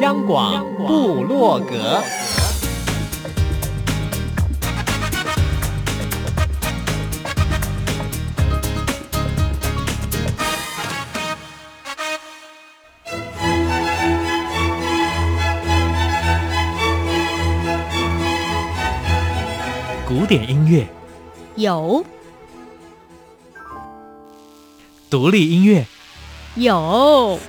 央廣部落格，古典音樂有，獨立音樂有，有。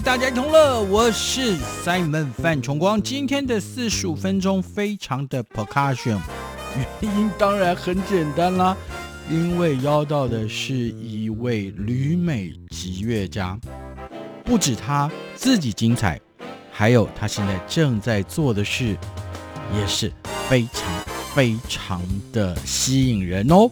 大家同樂，我是 Simon 范崇光。今天的四十五分鐘非常的 percussion，原因當然很簡單啦、啊，因為邀到的是一位旅美擊樂家，不止他自己精彩，還有他現在正在做的事也是非常非常的吸引人哦。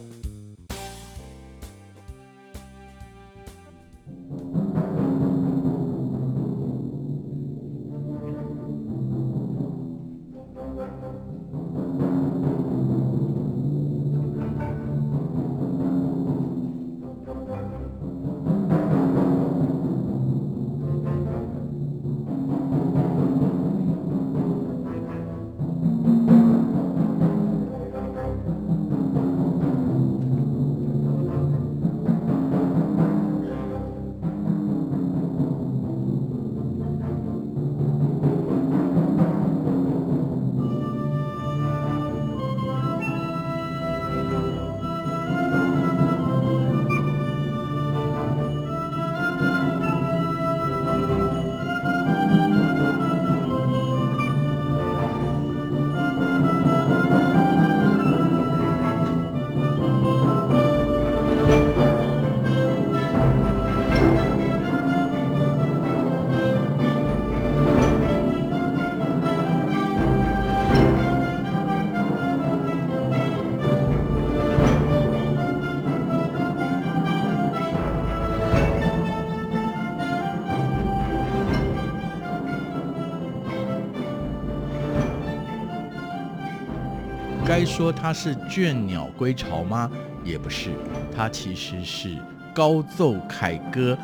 說他是倦鳥歸巢嗎？也不是，他其實是高奏凱歌。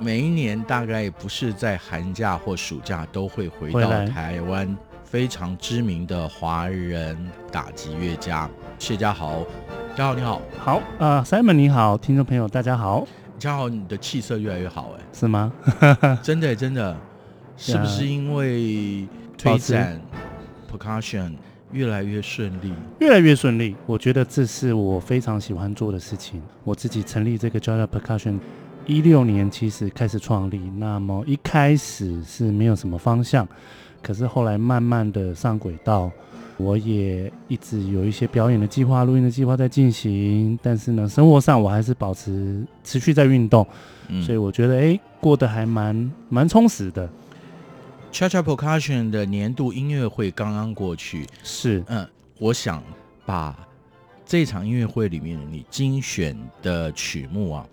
每一年大概不是在寒假或暑假都會回到台灣，非常知名的華人打擊樂家謝家豪。家豪你好，好啊，呃，Simon 你好，聽眾朋友大家好，家豪你的氣色越來越好哎，是嗎？真 的真的，真的 Yeah. 是不是因為推展吃 percussion？越來越順利，越來越順利。我覺得這是我非常喜歡做的事情。我自己成立這個 Joya Percussion，一六年其實開始創立，那麼一開始是沒有什麼方向，可是後來慢慢的上軌道。我也一直有一些表演的計劃、錄音的計劃在進行，但是呢，生活上我還是保持持續在運動，嗯、所以我覺得哎，過得還蠻蠻充實的。Ch cha cha percussion 的年度音樂會剛剛過去，是嗯、呃，我想把這場音樂會裡面你精選的曲目啊，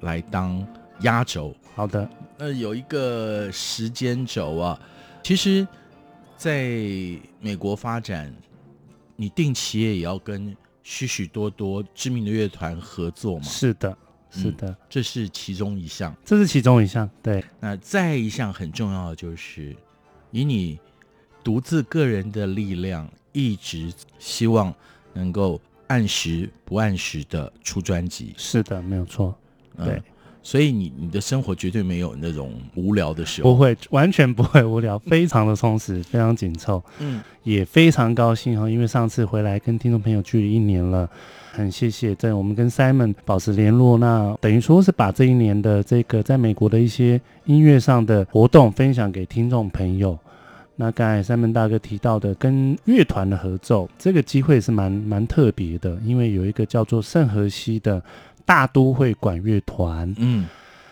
來當壓軸。好的，那、呃、有一個時間軸啊，其實在美國發展，你定期也要跟許許多多知名的樂團合作嘛。是的。嗯、是的，這是其中一項，這是其中一項。對，那再一項很重要的就是，以你獨自個人的力量，一直希望能夠按時不按時的出專輯。是的，沒有錯，嗯、對。所以你你的生活絕對沒有那種無聊的時候，不會，完全不會無聊，非常的充實， 非常緊湊，嗯，也非常高興哈，因為上次回來跟聽眾朋友聚了一年了，很謝謝在我們跟 Simon 保持聯絡，那等於說是把這一年的這個在美國的一些音樂上的活動分享給聽眾朋友。那剛才 Simon 大哥提到的跟樂團的合奏，這個機會是蠻蠻特別的，因為有一個叫做聖荷西的。大都會管樂團，嗯，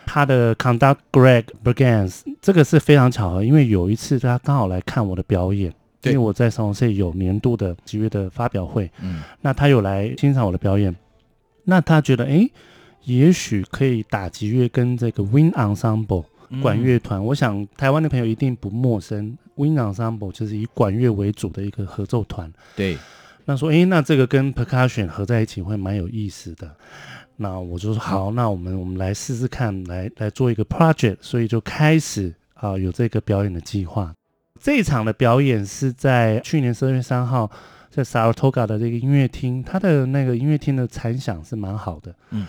他的 Conductor Greg Bergans，這個是非常巧合，因為有一次他剛好來看我的表演，對因為我在三重有年度的擊樂的發表會，嗯，那他有來欣賞我的表演，那他覺得，哎，也許可以打擊樂跟這個 Wind Ensemble 管樂團，嗯，我想台灣的朋友一定不陌生，Wind Ensemble 就是以管樂為主的一個合奏團，對。那說，誒，那這個跟 percussion 合在一起會蠻有意思的。那我就說好，嗯、那我們我們來試試看，來來做一個 project。所以就開始啊、呃，有這個表演的計劃。這一場的表演是在去年十二月三號，在 Saratoga 的這個音樂廳，它的那個音樂廳的殘響是蠻好的。嗯，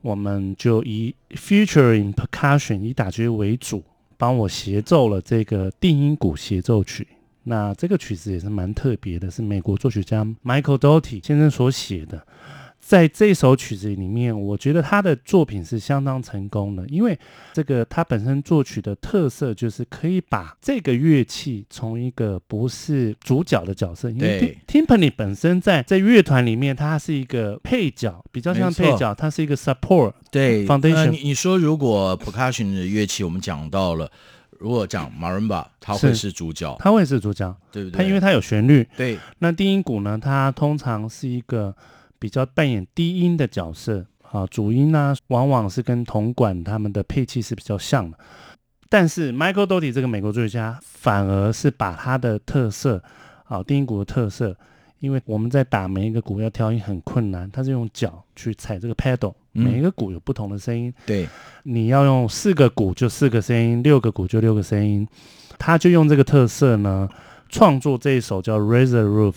我們就以 future in percussion 以打擊樂為主，幫我協奏了這個定音鼓協奏曲。那這個曲子也是蠻特別的，是美國作曲家 Michael Dotty 先生所寫的。在這首曲子裡面，我覺得他的作品是相當成功的，因為這個他本身作曲的特色就是可以把這個樂器從一個不是主角的角色，對因為 Timpani 本身在在樂團裡面它是一個配角，比較像配角，它是一個 support，對、嗯、foundation。你、呃、你說如果 percussion、ok、的樂器，我們講到了。如果講馬林巴，他會是主角，他會是主角，對不對？他因為他有旋律。對，那低音鼓呢？它通常是一個比較扮演低音的角色啊，主音呢、啊，往往是跟銅管他們的配器是比較像的。但是 Michael Doty 這個美國作曲家，反而是把它的特色啊，低音鼓的特色，因為我們在打每一個鼓要調音很困難，它是用腳去踩這個 pedal。每一個鼓有不同的聲音，嗯，對，你要用四個鼓就四個聲音，六個鼓就六個聲音，他就用這個特色呢，創作這一首叫《Raise the Roof》，《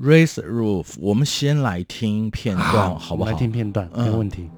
Raise the Roof》，我們先來聽片段，啊，好不好？來聽片段，嗯，沒問題。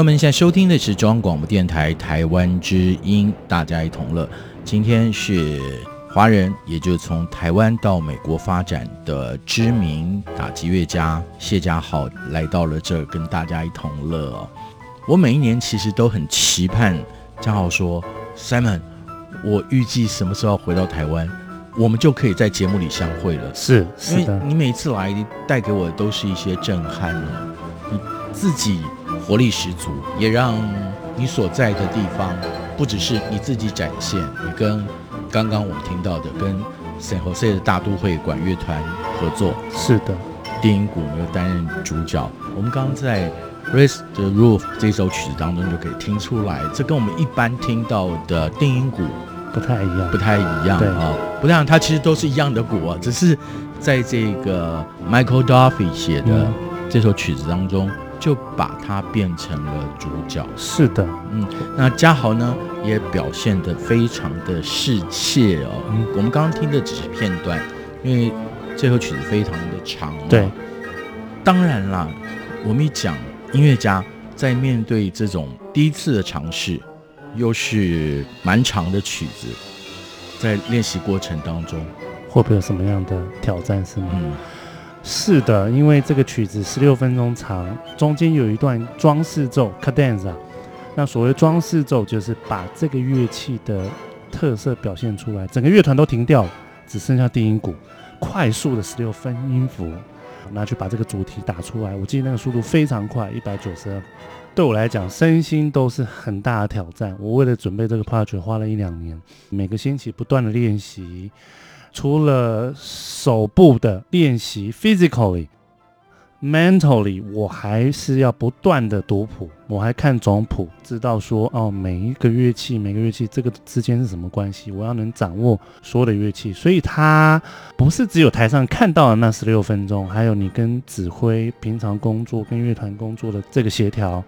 那我們現在收聽的是中央廣播電台台灣之音，大家一同樂。今天是華人，也就是從台灣到美國發展的知名打擊樂家謝家豪來到了這兒，跟大家一同樂。我每一年其實都很期盼，家豪說：“Simon，我預計什麼時候回到台灣，我們就可以在節目裡相會了。”是，是的。因為你每次來帶給我的都是一些震撼，你自己。活力十足，也讓你所在的地方不只是你自己展現。你跟剛剛我們聽到的，跟 San Jose 的大都會管樂團合作，是的，定音鼓，沒有擔任主角。我們剛剛在 Raise the Roof 這首曲子當中就可以聽出來，這跟我們一般聽到的定音鼓不太一樣，不太一樣啊對、哦，不太一樣。它其實都是一樣的鼓啊，只是在這個 Michael Duffy 寫的這首曲子當中。嗯就把它變成了主角。是的，嗯，那家豪呢也表現得非常的世切哦。嗯、我們剛剛聽的只是片段，因為這首曲子非常的長。對，當然啦，我們一講音樂家在面對這種第一次的嘗試，又是蠻長的曲子，在練習過程當中，會不會有什麼樣的挑戰？是嗎？嗯是的，因為這個曲子十六分鐘長，中間有一段裝飾奏 cadenza 啊。那所謂裝飾奏，就是把這個樂器的特色表現出來，整個樂團都停掉，只剩下定音鼓，快速的十六分音符，拿去把這個主題打出來。我記得那個速度非常快，一百九十二。對我來講，身心都是很大的挑戰。我為了準備這個 project 花了一兩年，每個星期不斷的練習。除了手部的練習，physically，mentally，我還是要不斷的讀譜，我還看總譜，知道說哦，每一個樂器，每個樂器這個之間是什麼關係，我要能掌握所有的樂器。所以它不是只有台上看到的那十六分鐘，還有你跟指揮平常工作跟樂團工作的這個協調，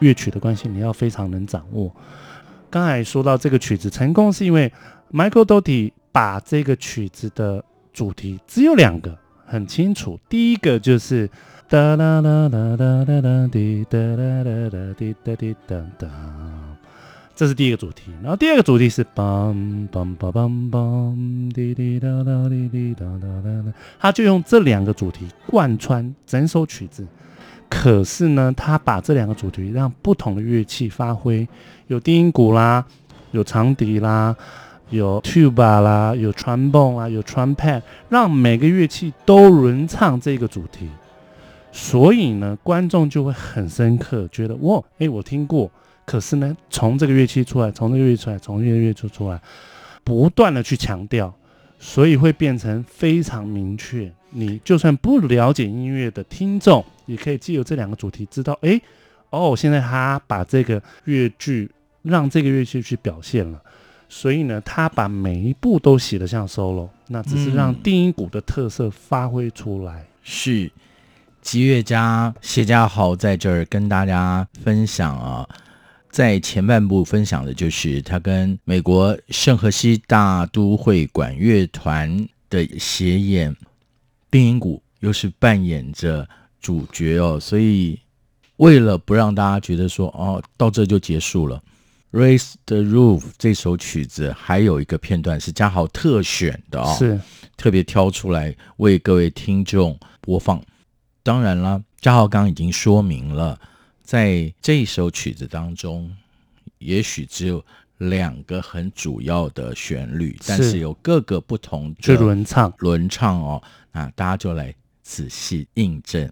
樂曲的關係，你要非常能掌握。剛才說到這個曲子成功是因為 Michael Daugherty 把這個曲子的主題只有兩個，很清楚。第一個就是噠噠噠噠噠噠滴噠噠噠滴噠滴當當，這是第一個主題。然後第二個主題是梆梆梆梆滴滴噠噠滴滴噠噠噠。他就用這兩個主題貫穿整首曲子。可是呢，他把這兩個主題讓不同的樂器發揮，有低音鼓啦，有長笛啦。有 tuba 啦，有 trombone 啊，有 trumpet 讓每個樂器都輪唱這個主題，所以呢，觀眾就會很深刻，覺得哇，誒，我聽過，可是呢，從這個樂器出來，從這個樂器出來，從這個樂器出來，出來不斷的去強調，所以會變成非常明確。你就算不了解音樂的聽眾，也可以藉由這兩個主題知道，誒，哦，現在他把這個樂句，讓這個樂器去表現了。所以呢，他把每一部都寫得像 solo，那只是讓定音鼓的特色發揮出來、嗯。是，擊樂家謝家豪在這兒跟大家分享啊，在前半部分享的就是他跟美國聖荷西大都會管樂團的協演，定音鼓又是扮演着主角哦，所以為了不讓大家覺得說哦，到這就結束了。Raise the roof 這首曲子還有一個片段是嘉豪特選的哦，是特別挑出來為各位聽眾播放。當然啦，嘉豪剛剛已經說明了，在這首曲子當中，也許只有兩個很主要的旋律，是，但是有各個不同的輪唱，輪唱哦，那大家就來仔細印證。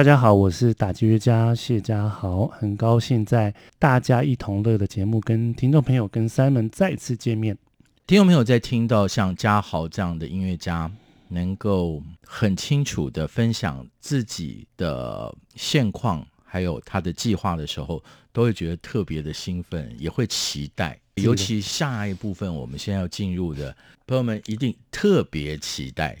大家好，我是打擊樂家謝家豪，很高興在《大家一同樂》的節目跟聽眾朋友、跟 Simon 再次見面。聽眾朋友在聽到像家豪這樣的音樂家能夠很清楚地分享自己的現況，還有他的計劃的時候，都會覺得特別的興奮，也會期待。是的。尤其下一部分，我們現在要進入的，朋友們一定特別期待。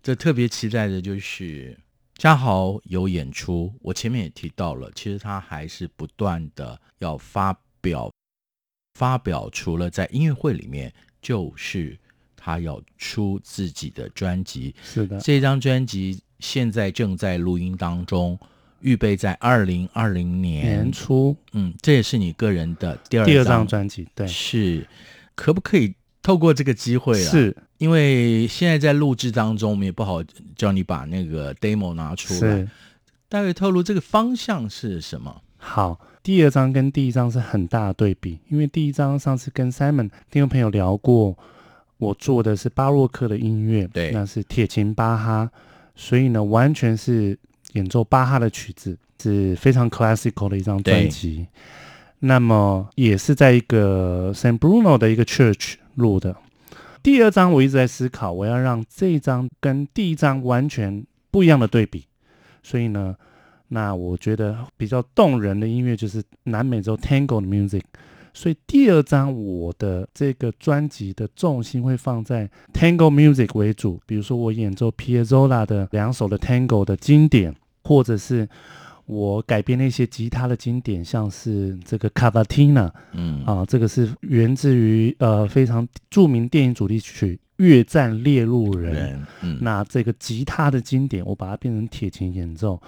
這特別期待的就是。家豪有演出，我前面也提到了，其實他還是不斷的要發表發表，除了在音樂會裡面，就是他要出自己的專輯。是的，這張專輯現在正在錄音當中，預備在二零二零年年初。嗯，這也是你個人的第二第二張專輯。對，是，可不可以？透過這個機會啊，是，因為現在在錄製當中，我們也不好叫你把那個 demo 拿出來。是大概透露這個方向是什麼？好，第二張跟第一張是很大的對比，因為第一張上次跟 Simon 聽眾朋友聊過，我做的是巴洛克的音樂，對，那是鐵琴巴哈，所以呢，完全是演奏巴哈的曲子，是非常 classical 的一張專輯。對那麼也是在一個 San Bruno 的一個 church。錄的第二張，我一直在思考，我要讓這一張跟第一張完全不一樣的對比。所以呢，那我覺得比較動人的音樂就是南美洲 tango 的 music，所以第二張我的這個專輯的重心會放在 tango music 為主，比如說我演奏 Piazzolla 的兩首的 tango 的經典，或者是。我改編了一些吉他的經典，像是這個 Cavatina，嗯啊，這個是源自於呃非常著名電影主題曲《越戰獵鹿人》。嗯、那這個吉他的經典，我把它變成鐵琴演奏。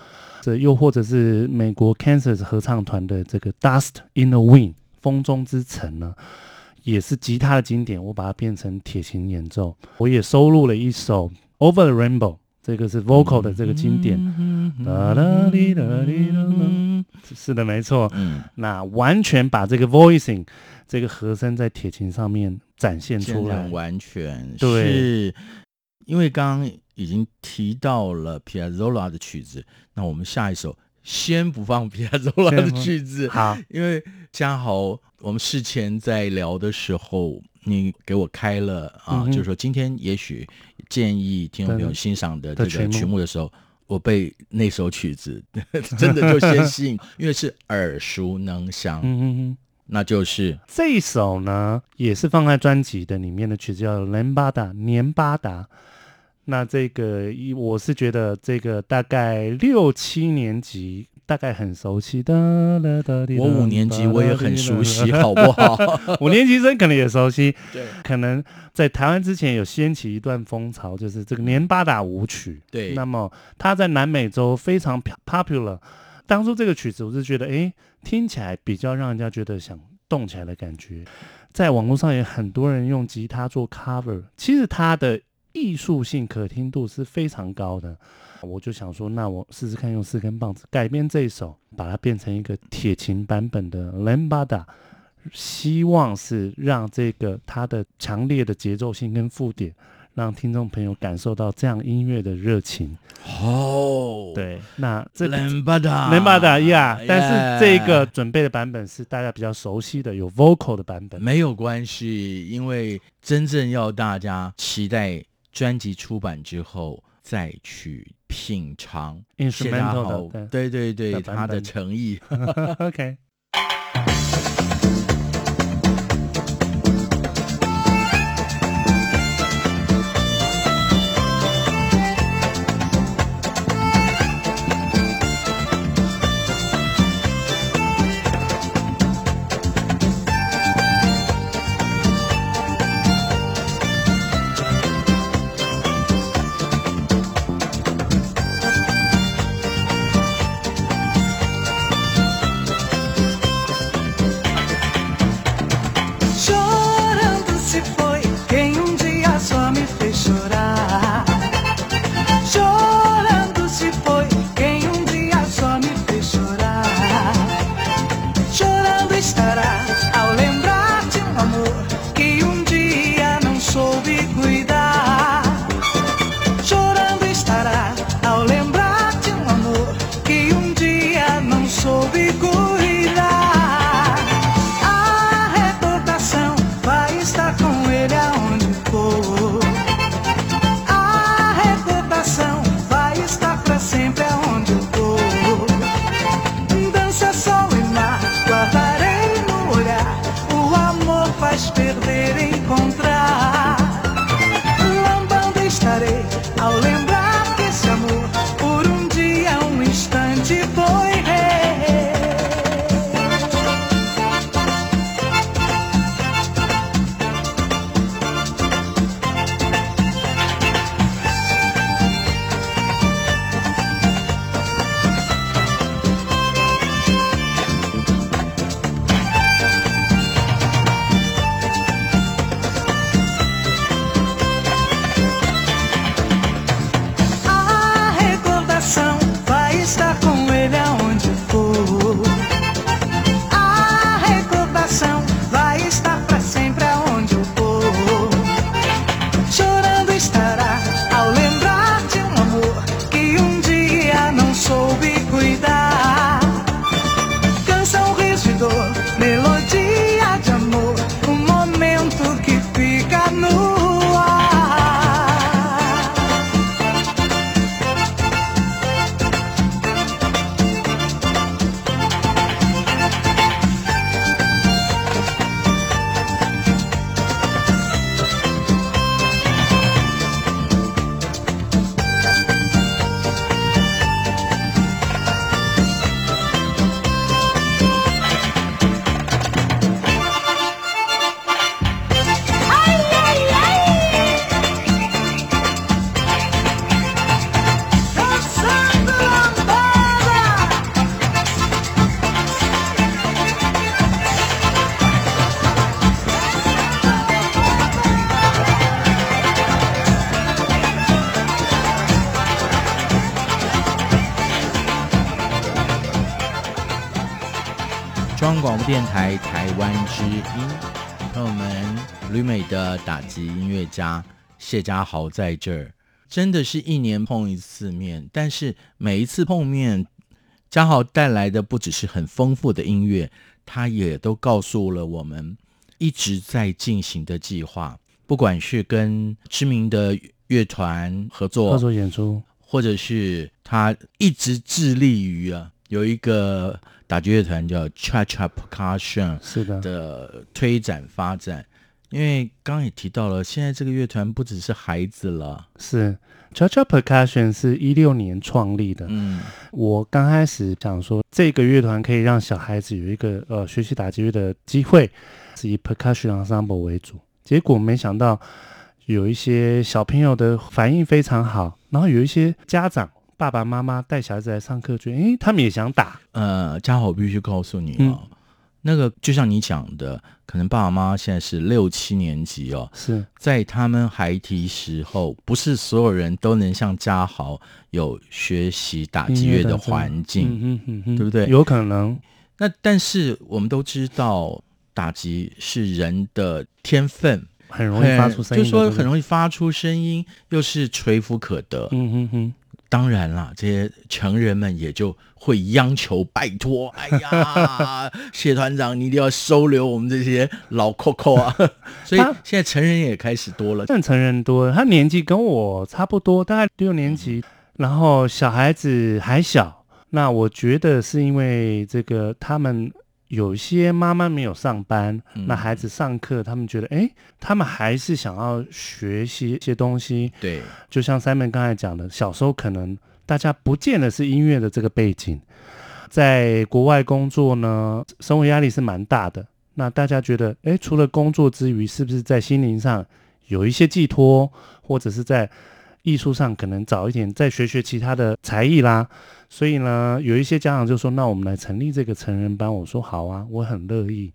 這又或者是美國 Kansas 合唱團的這個 Dust in the Wind，《風中之城》呢，也是吉他的經典，我把它變成鐵琴演奏。我也收錄了一首 Over the Rainbow。這個是 vocal 的這個經典，是的，沒錯。嗯，那完全把這個 voicing，這個和聲在鐵琴上面展現出來，完全是對。因為剛剛已經提到了 Piazzolla 的曲子，那我們下一首。先不放皮亞佐拉的曲子，好，因為嘉豪，我們事前在聊的時候，你給我開了啊，嗯、哼就是說今天也許建議聽眾朋友欣賞的這個曲目的時候，我被那首曲子 真的就先吸引， 因為是耳熟能詳，嗯、哼哼那就是這首呢，也是放在專輯的裡面的曲子叫 ada,，叫《連巴達》。那這個，一我是覺得這個大概六七年級大概很熟悉的。我五年級我也很熟悉，好不好？ 五年級生可能也熟悉。對，可能在台灣之前有掀起一段風潮，就是這個《黏巴達舞曲》。對，那麼它在南美洲非常 popular。當初這個曲子，我是覺得、欸，誒聽起來比較讓人家覺得想動起來的感覺。在網絡上也很多人用吉他做 cover。其實它的。藝術性、可聽度是非常高的，我就想說，那我試試看用四根棒子改編這一首，把它變成一個鐵琴版本的 Lambada，希望是讓這個它的強烈的節奏性跟附點，讓聽眾朋友感受到這樣音樂的熱情。哦，oh, 對，那這 Lambada，Lambada、yeah、呀，但是這個準備的版本是大家比較熟悉的有 vocal 的版本，沒有關係，因為真正要大家期待，專輯出版之後再去品嘗，然後對對對，他的，的誠意。 OK。中央廣播電台台灣之音，朋友們，旅美的打擊音樂家謝家豪在這兒，真的是一年碰一次面，但是每一次碰面，家豪帶來的不只是很豐富的音樂，他也都告訴了我們一直在進行的計劃，不管是跟知名的樂團合作，合作演出，或者是他一直致力於啊有一個打擊樂團叫 Chacha Percussion，是的，的推展發展。因為剛剛也提到了，現在這個樂團不只是孩子了。是 Chacha Percussion 是一六年創立的。嗯，我剛開始想說這個樂團可以讓小孩子有一個呃學習打擊樂的機會，是以 Percussion Ensemble 為主。結果沒想到有一些小朋友的反應非常好，然後有一些家長。爸爸媽媽帶小孩子來上課，就哎，他們也想打。呃，家豪，我必須告訴你啊、哦，嗯、那個就像你講的，可能爸爸媽媽現在是六七年級哦，是在他們孩提時候，不是所有人都能像家豪有學習打擊樂的環境，嗯嗯嗯嗯嗯、對不對？有可能。那但是我們都知道，打擊是人的天分，很，很容易發出聲音，很對對就說很容易發出聲音，又是垂手可得。嗯哼哼。嗯嗯當然啦，這些成人們也就會央求、拜托。哎呀， 謝團長，你一定要收留我們這些老扣扣啊！所以現在成人也開始多了，但成人多，他年紀跟我差不多，大概六年級，然後小孩子還小。那我覺得是因為這個他們。有一些媽媽沒有上班，那孩子上課，他們覺得，誒，他們還是想要學習一些東西。對，就像三妹剛才講的，小時候可能大家不見得是音樂的這個背景，在國外工作呢，生活壓力是蠻大的。那大家覺得，誒，除了工作之餘，是不是在心靈上有一些寄託，或者是在藝術上可能早一點再學學其他的才藝啦？所以呢，有一些家長就說：“那我們來成立這個成人班。”我說：“好啊，我很樂意。”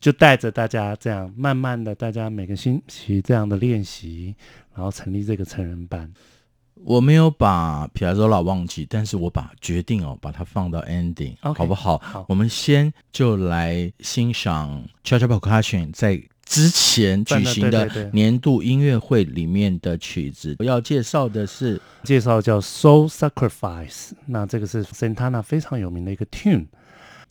就帶着大家這樣慢慢的，大家每個星期這樣的練習，然後成立這個成人班。我沒有把皮亞佐拉忘記，但是我把決定哦，把它放到 ending，okay, 好不好？好，我們先就來欣賞《Chiaro Percussion 在之前舉行的年度音樂會裡面的曲子，我要介紹的是介紹叫《Soul Sacrifice》。那這個是 Santana 非常有名的一個 tune。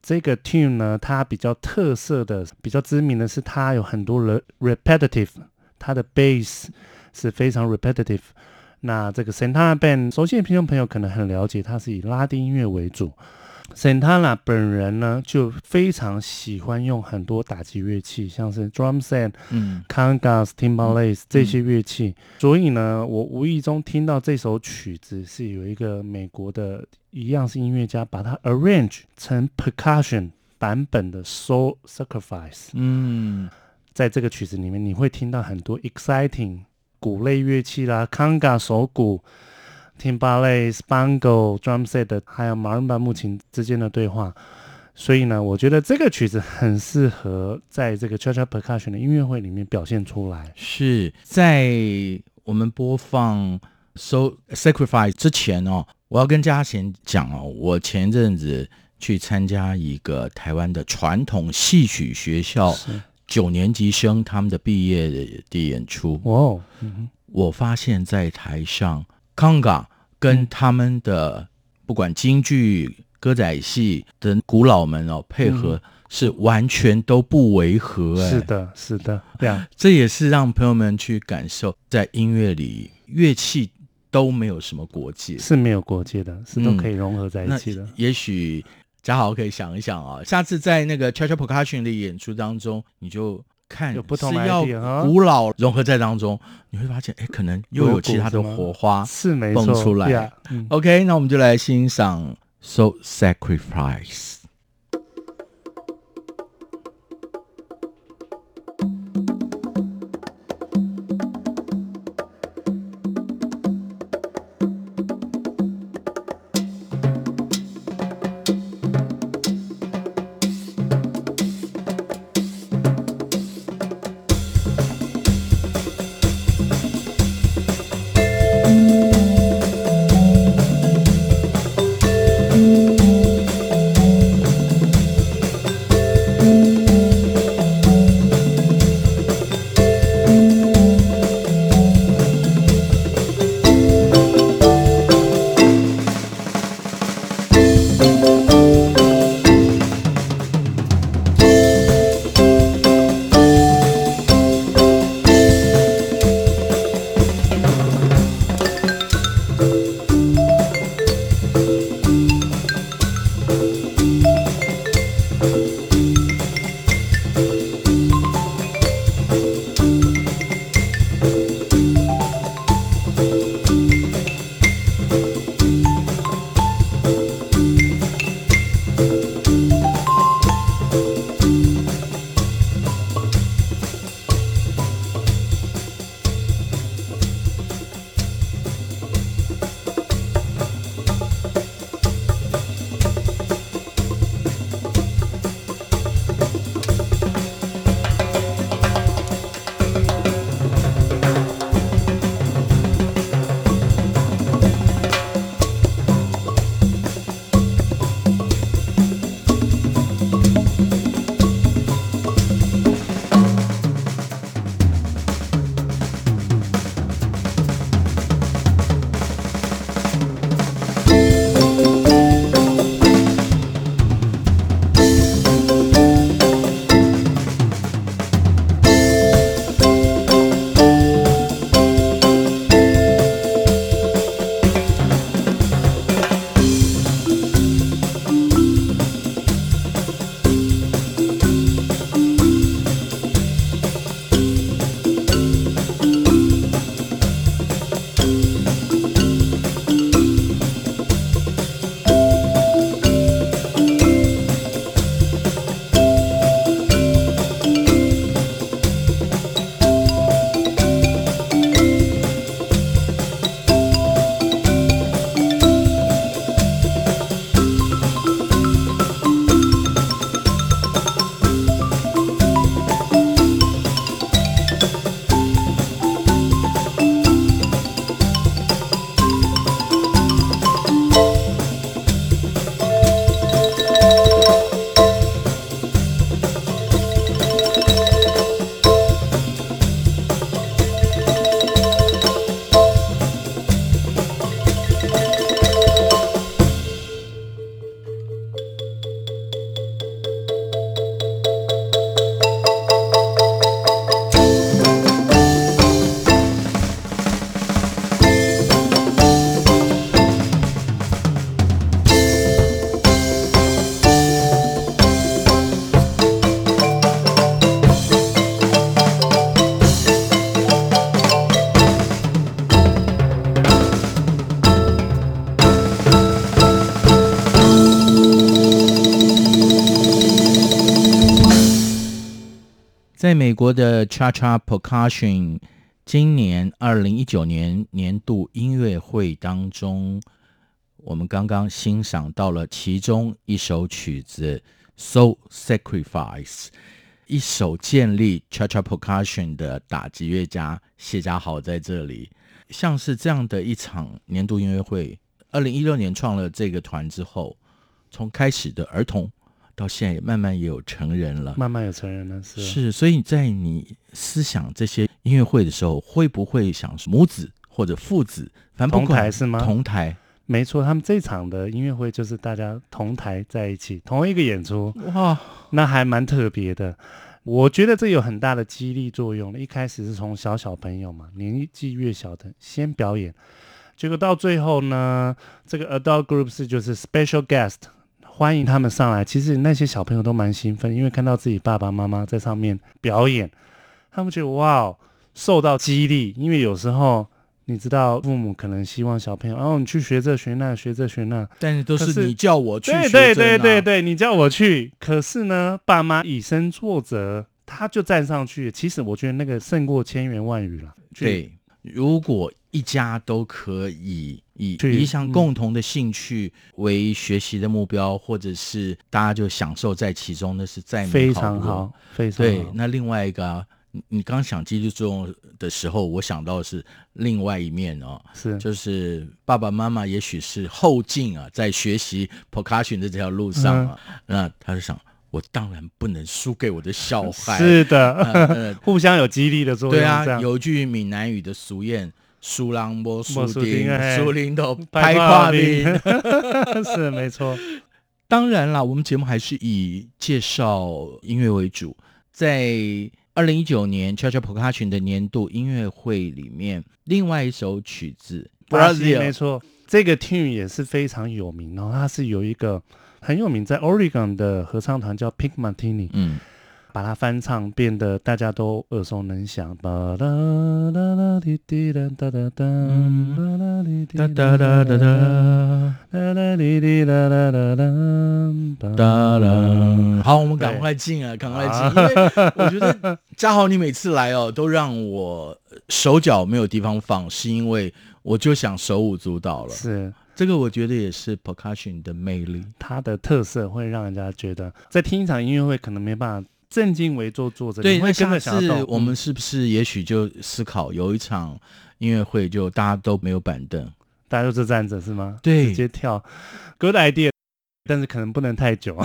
這個 tune 呢，它比較特色的、比較知名的是它有很多 repetitive，它的 bass 是非常 repetitive。那這個 Santana Band，熟悉的聽眾朋友可能很了解，它是以拉丁音樂為主。Santana 本人呢，就非常喜歡用很多打擊樂器，像是 drums and congas,、嗯、timbales、嗯、這些樂器。嗯、所以呢，我無意中聽到這首曲子是有一個美國的一樣是音樂家把它 arrange 成 percussion 版本的 Soul Sacrifice。嗯，在這個曲子裡面，你會聽到很多 exciting 鼓類樂器啦 conga 手鼓。Timbales、Spangle Drum Set，還有 Marimba 木琴之間的對話，所以呢，我覺得這個曲子很適合在這個 Cha Cha Percussion 的音樂會裡面表現出來。是在我們播放 So Sacrifice 之前哦，我要跟嘉賢講哦，我前陣子去參加一個台灣的傳統戲曲學校，九年級生他們的畢業的演出哦，是我發現在台上，康港跟他們的不管京劇、歌仔戲等古老們哦，配合是完全都不違和、欸、是的，是的，這樣、啊、這也是讓朋友們去感受，在音樂裡樂器都沒有什麼國界，是沒有國界的，是都可以融合在一起的。嗯、也許家豪可以想一想啊、哦，下次在那個悄悄 percussion 的演出當中，你就。看是要古老融合在當中，a, 你會發現，哎、欸，可能又有其他的火花蹦出來。OK，、嗯、那我們就來欣賞《Soul Sacrifice》。我的 cha cha percussion 今年二零一九年年度音樂會當中，我們剛剛欣賞到了其中一首曲子《So Sacrifice》，一首建立 cha cha percussion 的打擊樂家謝家豪在這裡。像是這樣的一場年度音樂會，二零一六年創了這個團之後，從開始的兒童。到現在也慢慢也有成人了，慢慢有成人了，是、哦、是，所以在你思想這些音樂會的時候，會不會想母子或者父子不同台是嗎？同台，沒錯，他們這場的音樂會就是大家同台在一起，同一個演出。哇，那還蠻特別的。我覺得這有很大的激勵作用。一開始是從小小朋友嘛，年紀越小的先表演，結果到最後呢，這個 adult groups 就是 special guest。歡迎他們上來。其實那些小朋友都蠻興奮，因為看到自己爸爸媽媽在上面表演，他們覺得哇、哦，受到激勵。因為有時候你知道，父母可能希望小朋友，哦，你去學這學那，學這學那，但是都是你是叫我去、啊，對對對對對，你叫我去。可是呢，爸媽以身作則，他就站上去。其實我覺得那個勝過千言萬語了。對，如果。一家都可以以一項共同的興趣為學習的目標，嗯、或者是大家就享受在其中的是再美好，好非常，好非常好，對。那另外一個、啊，你你剛想激勵作用的時候，我想到的是另外一面哦、喔，是就是爸爸媽媽也許是後進啊，在學習 percussion、ok、的這條路上、啊嗯、那他就想，我當然不能輸給我的小孩。是的，呃、 互相有激勵的作用。對啊，樣有一句閩南語的俗諺。輸人毋輸陣，輸陣歹看面，沒沒 是沒錯。 當然啦，我們節目還是以介紹音樂為主。在二零一九年《悄悄普卡群的年度音樂會裡面，另外一首曲子《Brazil》，沒錯，這個 tune 也是非常有名哦。然後它是有一個很有名，在 Oregon 的合唱團叫 Pink Martini。嗯。把它翻唱，變得大家都耳熟能詳。啦啦啦，滴滴，好，我們趕快進啊，趕快進，因為我覺得家豪你每次來哦，都讓我手腳沒有地方放，是因為我就想手舞足蹈了。是，這個我覺得也是 percussion 的魅力，它的特色會讓人家覺得，在聽一場音樂會可能沒辦法。正襟危坐，坐着對。那下次我們是不是也許就思考，有一場音樂會，就大家都沒有板凳，大家都都站着是嗎？對，直接跳，Good idea，但是可能不能太久，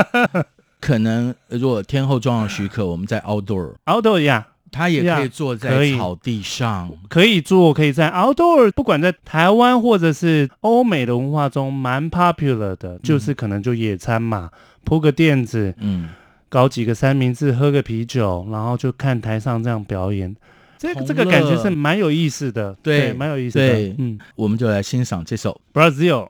可能如果天候狀況許可， 我們在 Outdoor Outdoor 一、yeah, 樣，他也可以坐在草地上，yeah, 可以，可以坐，可以在 Outdoor，不管在台灣或者是歐美的文化中蠻 popular 的，就是可能就野餐嘛，嗯、鋪個墊子，嗯。搞幾個三明治，喝個啤酒，然後就看台上這樣表演，這個、樂這個感覺是蠻有意思的，對，蠻有意思的，對嗯，我們就來欣賞這首《Brazil》。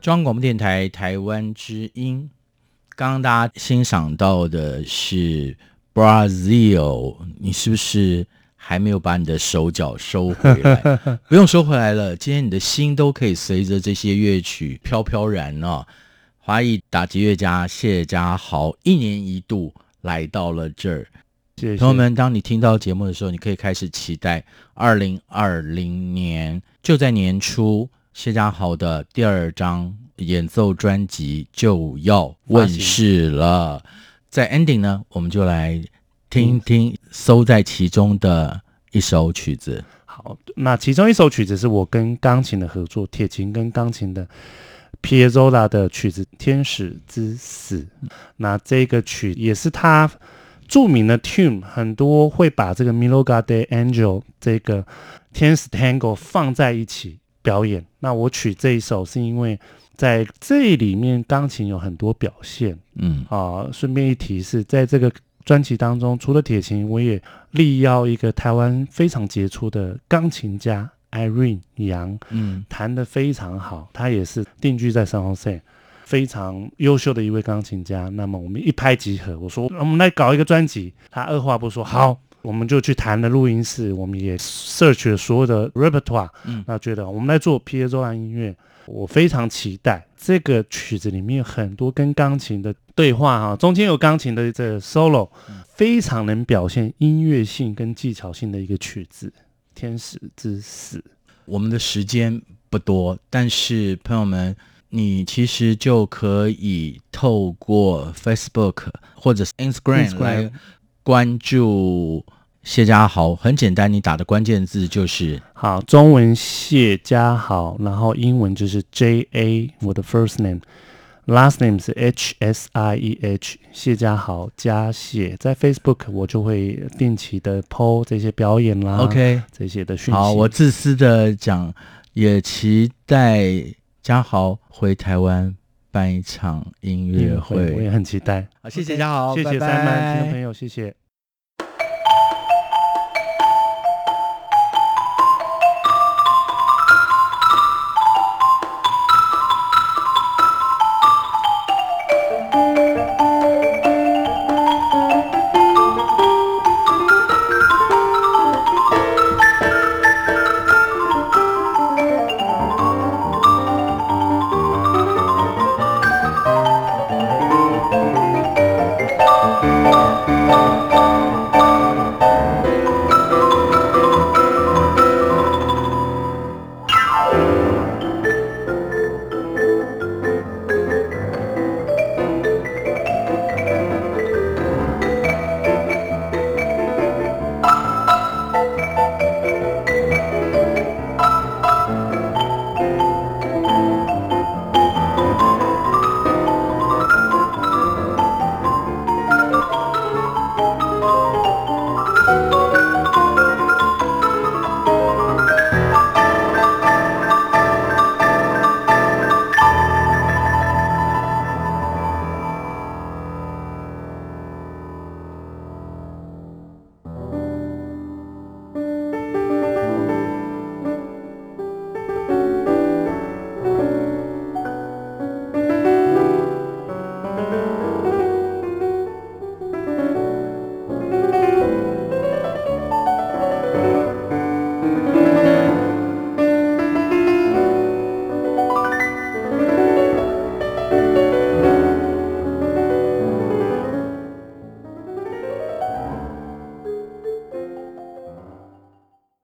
中央廣播電台台灣之音，剛剛大家欣賞到的是 Brazil，你是不是還沒有把你的手腳收回來？ 不用收回來了，今天你的心都可以隨着這些樂曲飄飄然哦。華裔打擊樂家謝家豪一年一度來到了這兒，謝謝朋友們，當你聽到節目的時候，你可以開始期待二零二零年，就在年初。謝家豪的第二張演奏專輯就要問世了，行在 ending 呢，我們就來聽一聽收在其中的一首曲子。嗯、好，那其中一首曲子是我跟鋼琴的合作，鐵琴跟鋼琴的 Piazzolla 的曲子《天使之死》。嗯、那這個曲也是他著名的 Tune，很多會把這個 Milonga de Angel 這個天使 Tango 放在一起。表演，那我取這一首是因為在這裡面鋼琴有很多表現，嗯啊，順便一提是在這個專輯當中，除了鐵琴，我也力邀一個台灣非常傑出的鋼琴家 Irene 楊，嗯，彈得非常好，他也是定居在 San Jose，非常優秀的一位鋼琴家。那麼我們一拍即合，我說我們來搞一個專輯，他二話不說，嗯、好。我們就去談了錄音室，我們也 search 了所有的 repertoire，那、嗯、覺得我們來做 Piazzolla 音樂，我非常期待這個曲子裡面有很多跟鋼琴的對話哈、啊，中間有鋼琴的這個 solo、嗯、非常能表現音樂性跟技巧性的一個曲子，《天使之死》。我們的時間不多，但是朋友們，你其實就可以透過 Facebook 或者是 Instagram 來關注謝家豪，很簡單，你打的關鍵字就是“好中文謝家豪”，然後英文就是 “J A”，我的 first name，last name 是 “H S I E H”，謝家豪加謝。在 Facebook，我就會定期的 po 這些表演啦，OK，這些的訊息。好，我自私的講，也期待家豪回台灣。辦一場音樂會，音樂會，我也很期待。嗯、好，謝謝大家好，謝謝，拜拜，三班聽眾朋友，謝謝。